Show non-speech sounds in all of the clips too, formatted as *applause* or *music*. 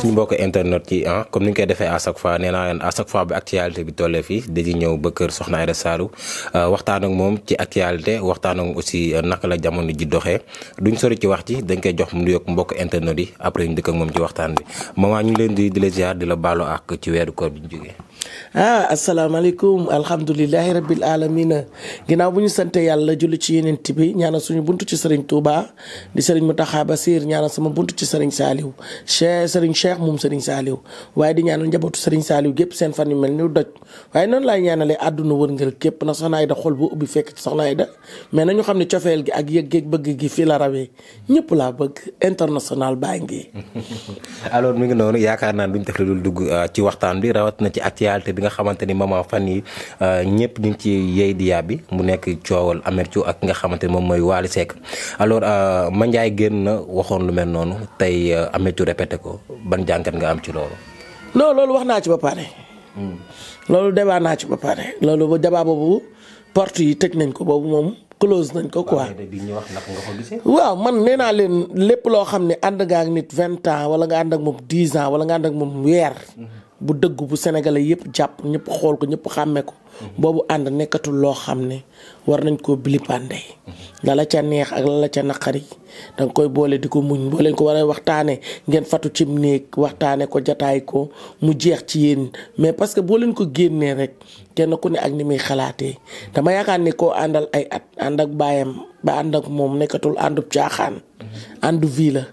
suñu mbokk internet yi ah comme ni ñu koy defee à chaque fois nee naa leen à actualité bi tollee fii dañuy ñëw ba kër Soxna Aïda Saliou euh, waxtaan ak moom ci actualité waxtaan ak aussi euh, naka la jamono ji doxee duñ sori ci wax ci dañ koy jox mu yokk mbokk internet yi après ñu dëkk moom ci waxtaan bi a ñu ngi leen di di la ziar di la baalu ak ci weeru koor bi ñu jógee. ah asalaamaaleykum alhamdulilahi rabil alamina ginnaaw bu ñu sante yàlla julli ci yenent bi ñaanal suñu buntu ci sëriñ Touba di sëriñ Mountakha Bassir ñaanal sama buntu ci sëriñ Saliou Cheikh sëriñ Cheikh moom sëriñ Saliou waaye di ñaanal njabootu sëriñ Saliou gépp seen fan yu mel ni doj waaye noonu laay ñaanalee àdduna wërngël képp na soxna Aida xol bu ubbi fekk ci soxna Aida mais nañu xam ne cofeel gi ak yëg-yëg bëgg gi fii la rawee ñëpp laa bëgg international baa ngi *laughs* alors ngi noonu yaakaar naa duñ def la dul dugg ah, waxtaan bi rawat na ci réalité bi nga xamante ni maman fan euh, ñëpp ñu ngi ci yey bi mu nekk coowal amercu ak nga xamante ni moom mooy Wally Seck alors euh, Mandiaye génn na waxoon lu mel noonu tey euh, amercu répété ko ban jàngat nga am ci loolu. non loolu wax naa ci ba pare. Hmm. loolu débat naa ci ba pare loolu ba débat boobu yi tëj nañ ko boobu moom. close nañ ko quoi waaw man nee naa leen lépp loo xam ne ànd nga ak nit vingt ans wala nga ànd ak moom dix ans wala nga ànd ak moom weer hmm. bu dëggu bu sénégalais yëpp jàpp ñëpp xool ko ñëpp xàmme ko. Mhm. boobu ànd nekkatul loo xam ne war nañ koo bilipande. lala mhm. ca neex ak lala ca naqari danga koy boole di ko muñ boo leen ko waree waxtaanee ngeen fatu ci néeg waxtaanee ko jataay ko mu jeex ci yéen mais parce que boo leen ko génnee rek kenn ku ne ak ni muy xalaatee dama yaakaar ni koo àndal ay at ànd ak baayam ba ànd ak moom nekkatul àndu caaxaan. Mhm. àndu vie la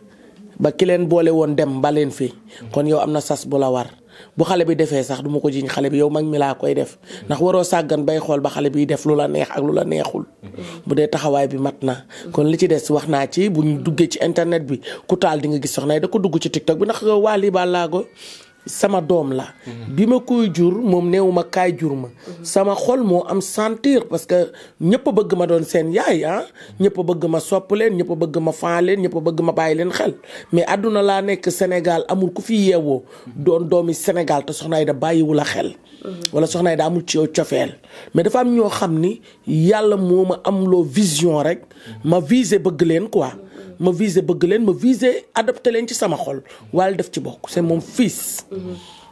ba ki leen boole woon dem ba leen fi. kon yow am na sas bu la bu xale bi defee sax duma ko jiñ xale bi yow mag mi laa koy def ndax waroo sàggan bay xool ba xale biy def lu la neex ak lu la neexul bu dee taxawaay bi mat na kon li ci des wax naa ci bu ñu duggee ci internet bi ku taal di nga gis soxna yi da ko dugg ci tiktok bi ndax waa lii baa laago sama doom la bi ma koy jur moom néew ma kaay jur ma sama xol moo am sentir parce que ñëpp bëgg ma doon seen yaay ah ñëpp bëgg ma sopp leen ñëpp a bëgg ma faa leen ñëpp a bëgg ma bàyyi leen xel mais àdduna laa nekk Sénégal amul ku fi yeewoo doon doomi Sénégal te soxnaay Aida bàyyiwu la xel wala soxna Aida amul ci yow cofeel mais dafa am ñoo xam ni yàlla moo ma am loo vision rek ma visé bëgg leen ko ma visé bëgg leen ma visé adopté leen ci sama xol waaye def ci bokk c'est moom fils.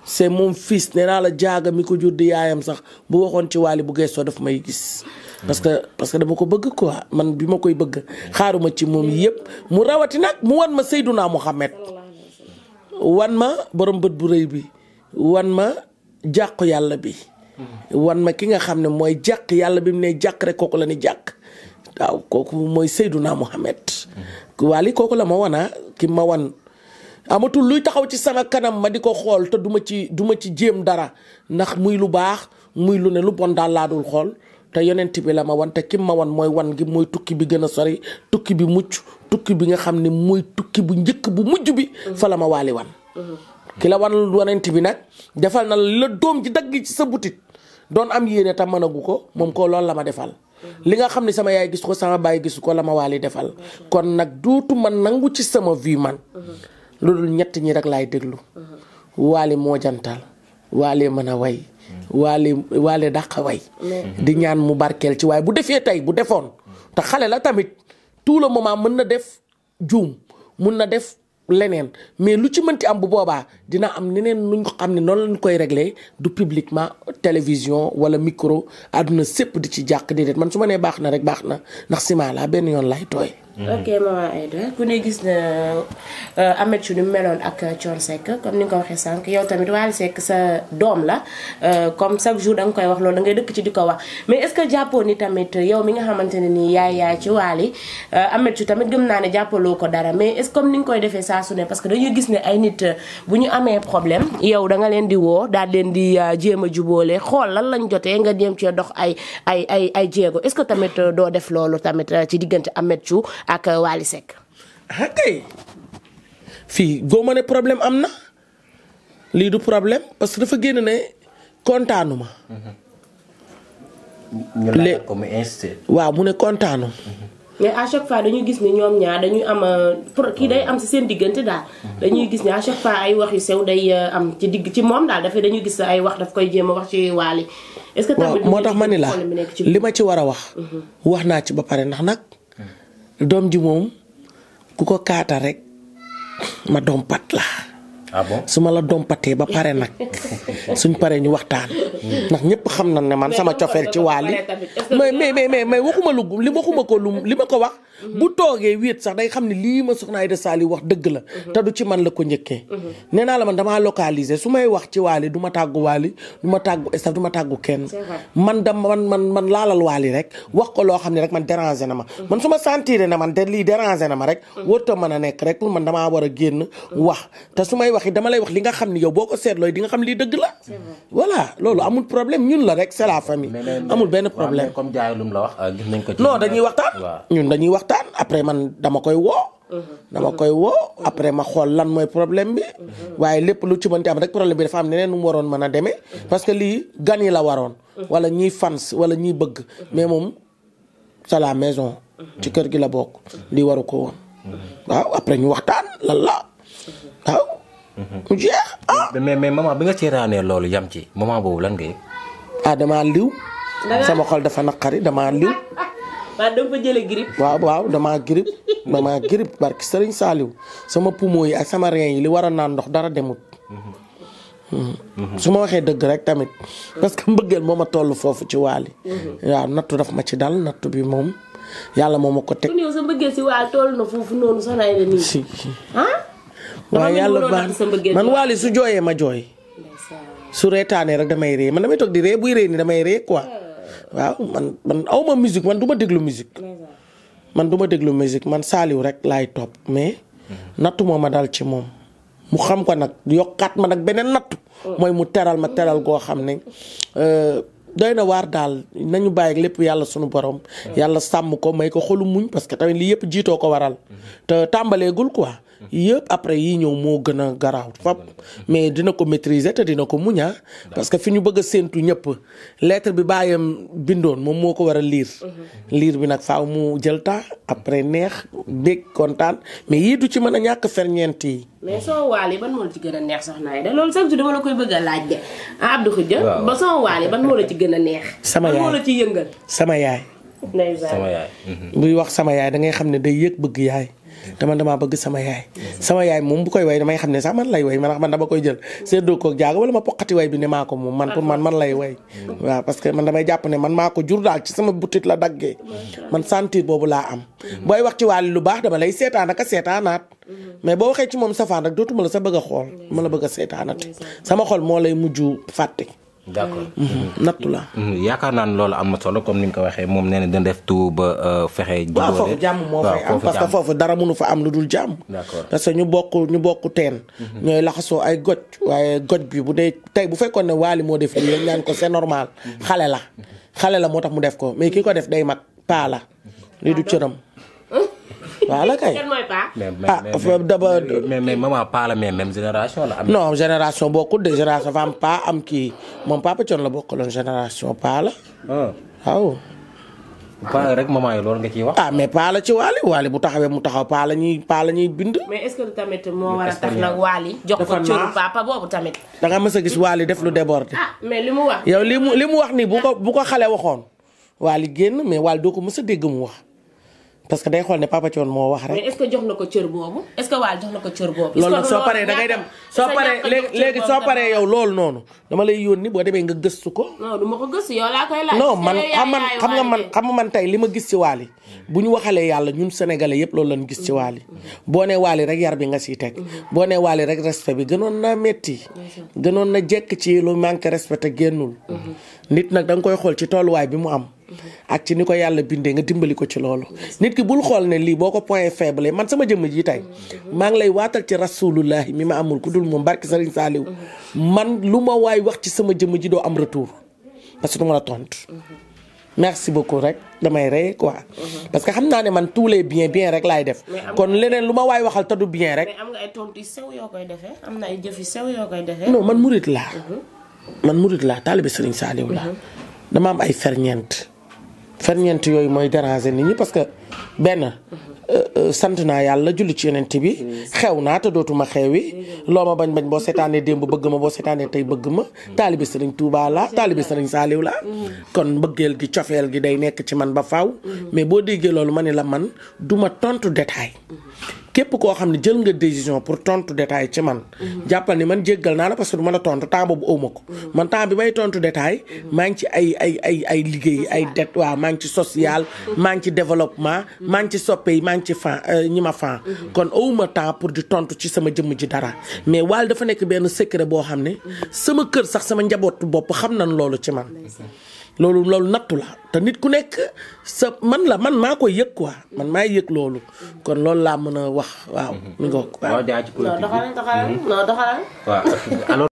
c'est moom fils nee naa la jaaga mi ko jur yaayam sax bu waxoon ci waali bu geesoo daf may gis. parce que parce que dama ko bëgg quoi man bi ma koy bëgg xaaruma ci moom yëpp mu rawati nag mu wan ma Seydouna Mohamed wan ma borom bët bu rëy bi wan ma jàqu yàlla bi. wan ma ki nga xam ne mooy jàq yàlla bi mu ne jàq rek kooku la ni jàq. waaw kooku mooy Seydouna Mohamed. waali kooku la ma wana ah, ki ma wan amatul luy taxaw ci sama kanam ma di ko xool te duma ci duma ci jéem dara ndax muy lu baax muy lu ne lu bon daal laa dul xool te yonent bi la ma wan te ki ma wan mooy wan gi mooy tukki bi gën a sori tukki bi mujj tukki bi nga xam ne mooy tukki bu njëkk bu mujj bi fa la ma waali wan ki la wan yonent bi nag defal na la doom ji dagg ci sa butit doon am yéene te mënagu ko moom ko loolu la ma defal li nga xam ne sama yaay gis ko sama baay gisu ko la ma waali defal kon nag dootu dootuma nangu ci sama vie man lu dul ñett ñi rek laay déglu waali moo jantal waali mën a way waali waali dàq way di ñaan mu barkeel ci waaye bu defee tey bu defoon te xale la tamit tout le moment mën na def juum mun na def leneen mais lu ci mënti am bu boobaa dina am neneen nuñ ko xam ne noonu lañ koy réglé du publiquement télévision wala micro àdduna sépp di ci jàq déedéet man su ma nee baax na rek baax na ndax sima laa benn yoon lay tooy Mm-hmm. ok maman Aïda ku ne gis na euh, Ameth Thiou ni mu meloon ak Thione sekk comme ni nga ko waxee sànq yow tamit Wally sekk sa doom la euh, comme chaque jour da nga koy wax loolu da dëkk ci di ko wax mais est que jàppoo ni tamit yow mi nga xamante ne nii yaay yaay ci Wally euh, Ameth tamit gëm naa ne jàppaloo ko dara mais est-ce comme ni nga koy defee saa su ne parce que dañuy gis ne ay nit bu ñu amee problème yow da nga leen di woo daal leen di jéem a jubóole xool lan lañ jotee nga jéem cee dox ay ay ay ay jéego est-ce que tamit doo def loolu tamit ci diggante Ameth Thiou ak euh, waali Seck. Ah, fii goo ma ne problème am na lii du problème parce que dafa génn ne kontaanu ma. Mm-hmm. ñu waaw mu ne kontaanu. Mm-hmm. mais à chaque fois dañuy gis ni ñoom ñaar dañuy am euh, pro kii day am si seen diggante daal. Mm-hmm. dañuy gis ne à chaque fois ay wax yu sew day euh, am ci digg ci moom daal dafay dañuy gis ay wax daf koy jéem a wax ci Wally. est moo tax ma ni la li ma ci war a wax. wax naa ci ba pare ndax nag. doom ji moom ku ko kaata rek ma doom pat la ah su ma la dompatee ba pare nag suñ paree ñu waxtaan. ndax ñëpp xam na ne man sama cofeel ci waali mais mais mais mais waxuma lu li waxuma ko lu li ma ko wax. Mhm. bu toogee wéet sax day xam ni lii ma soxna Aida Saliou wax dëgg la. Mhm. te du ci man la ko njëkkee. Mhm. nee naa la man damaa localiser su may wax ci waali du ma tàggu waali ma tàggu staff du ma tàggu kenn. man da man man man laalal waali rek wax ko loo xam ne rek man déranger na ma. man su ma sentir ne man de lii déranger na ma rek. warut a mën a nekk rek pour man damaa war a génn wax te su may wax waxee dama lay wax li nga xam ni yow boo ko seetlooy di nga xam lii dëgg la. voilà loolu amul problème ñun la rek c'est la famille. amul benn problème comme jaay lum la wax ah, gis nañ ko ci non dañuy waxtaan ñun dañuy waxtaan après man dama koy woo. Mhm. dama koy woo après ma xool lan mooy problème bi. Mhm. waaye lépp lu ci mënti am rek problème bi dafa am neneen nu mu waroon mën a demee. Mhm. parce que lii gan yi la waroon. wala ñiy fans wala ñiy bëgg. mais moom c'est la maison. ci kër gi la bokk. lii waru ko woon. waaw après ñu waxtaan lan la mu jeex ah. mais bi nga seetaanee loolu yam ci moment boobu lan nga yëg. ah damaa liw. sama xol dafa naqari damaa liw. *laughs* waaw da nga fa jëlee grippe. waaw damaa grippe *laughs* damaa grippe sama poumon yi ak sama rein yi li war a dara demut. Mm-hmm. su ma waxee dëgg rek tamit. parce que mbëggeel moo ma toll foofu ci waali mm-hmm. waaw nattu daf ma ci dal nattu bi moom yàlla moo ma ko teg. waaye yàlla baax man waali su jooyee ma jooy su reetaanee rek damay ree man damay toog di ree buy ree ni damay ree quoi ah. waaw man awma musique man du déglu musique man du ma déglu musique man saaliw rek laay topp mais mm-hmm. nattu moo ma dal ci moom mu xam ko nag yokkaat ma nag beneen nattu oh. mooy mu teral ma teral goo xam ne euh, doy na waar daal nañu bàyyi lépp yàlla sunu borom. yàlla sàmm ko may ko xolu muñ parce que tamit lii yëpp jiitoo ko waral. Mm-hmm. te tàmbaleegul quoi. Mm-hmm. yëpp après yii ñëw moo gën a garaaw fop mm-hmm. mais dina ko maîtriser te dina ko muñaa ah. parce que fi ñu bëgg a séentu ñëpp lettre bi bàyyam bindoon moom moo ko war a liir liir bi nag faaw mu jël temps après neex bég kontaan mais yii du ci mën a ñàkk ferñeent yi mais son waale ban moo la ci gën a neex soxna Aida loolu sax dama la koy bëgg a laaj de ah Abdou Khoudia ba son waale ban moo la ci gën a neex. sama yaay ban moo la ci sama yaay. sama yaay. Mhm. buy wax sama yaay da ngay xam ne day yëg bëgg yaay. dama damaa bëgg sama yaay sama yaay moom bu koy way damay xam ne sax man lay way man ndax man dama koy jël seddoo koog jaaga wala ma poqati way bi ne maa ko moom man pour man man lay way waaw parce que man damay jàpp ne man maa ko jur daal ci sama butit la daggee man sentir boobu laa am booy wax ci wàllu lu baax dama lay seetaan ak a seetaanaat mais boo waxee ci moom safaan rek dootuma la sa bëgg a xool ma la bëgg a seetaanati sama xol moo lay mujj fàtte d'accord mm-hmm. Mm-hmm. Mm-hmm. nattu la. yaakaar naa ne loolu am na solo comme ni nga ko waxee moom nee na dina def tout ba euh, fexe. waaw foofu jàmm moo fay am parce foofu dara mënu fa am lu dul jàmm. d'accord parce que ñu bokk ñu bokk teen. ñooy laxasoo ay goj waaye goj bi bu dee tey bu fekkoon ne waali moo def lii rek ñaan ko se normal xale la xale la moo tax mu def ko mais ki ko def day mag paa la li du cëram. voilà kay ah daba mais mais maman Paa la mais même génération la. am no génération bokkul de génération fa am am kii moom Papa Thione la loon génération Paa la. waaw. Ah. Ah, oh. Paa rek maman yi loolu nga wax. ah mais Paa la ci Waly Waly bu taxawee mu taxaw Paa la ñuy Paa la ñuy bind. mais tamit moo war a tax nag jox ko cëru papa tamit. da nga mës a gis Waly def lu déborder. ah mais li mu yow li mu li mu wax nii bu ko bu ko xale waxoon Waly génn mais Waly doo ko mës a dégg mu wax. parce que day xool ne Papa Thione moo wax rek. mais na ko cër boobu est-ce que waa jox na ko cër soo paree da ngay dem soo paree léegi soo paree yow loolu noonu dama lay yónni boo demee nga gëstu ko. non ma ko man xam nga man xam nga man tey li ma gis ci Wally bu ñu waxalee yàlla ñun sénégalais yëpp loolu lañ gis ci Wally boo ne Wally rek yar bi nga si teg. boo ne Wally rek respect bi gënoon na metti gënoon na jekk ci lu manque respect te nit nag da koy xool ci tolluwaay bi mu am. ak ci ni ko yàlla bindee nga dimbali ko ci loolu. nit ki bul xool ne lii boo ko point faible man sama jëmm ji tey. maa ngi lay waatal ci rasulullahi mi ma amul ku dul moom barki Serigne Saliou. man lu ma waay wax ci sama jëmm ji doo am retour. parce que du ma la tontu. merci beaucoup rek damay rey quoi. parce que xam naa ne man tous les bien bien rek laay def. kon leneen lu ma waay waxal te bien rek. mais am nga ay tontu am na ay jëf yu sew yoo koy defee. non man murit laa. Mhm. man murid laa taalibe Serigne Saliou laa mhm. dama am ay ferñeent ferñeent yooyu mooy déranger nit ñi parce que benn euh, euh, sant naa yàlla julli ci yonent bi xew naa te dootuma xewi loo ma bañ bañ boo seetaanee démb bëgg ma boo seetaanee tey bëgg ma taalibe sëriñ Tuubaa laa taalibe sëriñ Saaliw la kon mbëggeel gi cofeel gi day nekk ci man ba faw mais boo déggee loolu ma ne la man duma tontu détail képp koo xam ne jël nga décision pour tontu détail ci man jàppal ni man jéggal naa la parce que du ma la tontu taaba boobu awma ko man temps bi may tontu détail maa ngi ci ay ay ay ay liggéey ay det waaw maa ngi ci social maa ngi ci développement Mm-hmm. maa ngi ci soppee yi maa ci fan euh, ñi ma fan mm-hmm. kon awuma temps pour di tontu ci sama jëmm ji dara mm-hmm. mais Wally dafa nekk benn secret boo xam ne sama kër sax sama njabootu bopp xam na loolu ci man loolu loolu nattu la te nit ku nekk sa man la man maa koy yëg quoi man maay yëg loolu kon loolu laa mën a wax waaw mi nga ko waaw doxalal doxalal non doxalal waaw *laughs*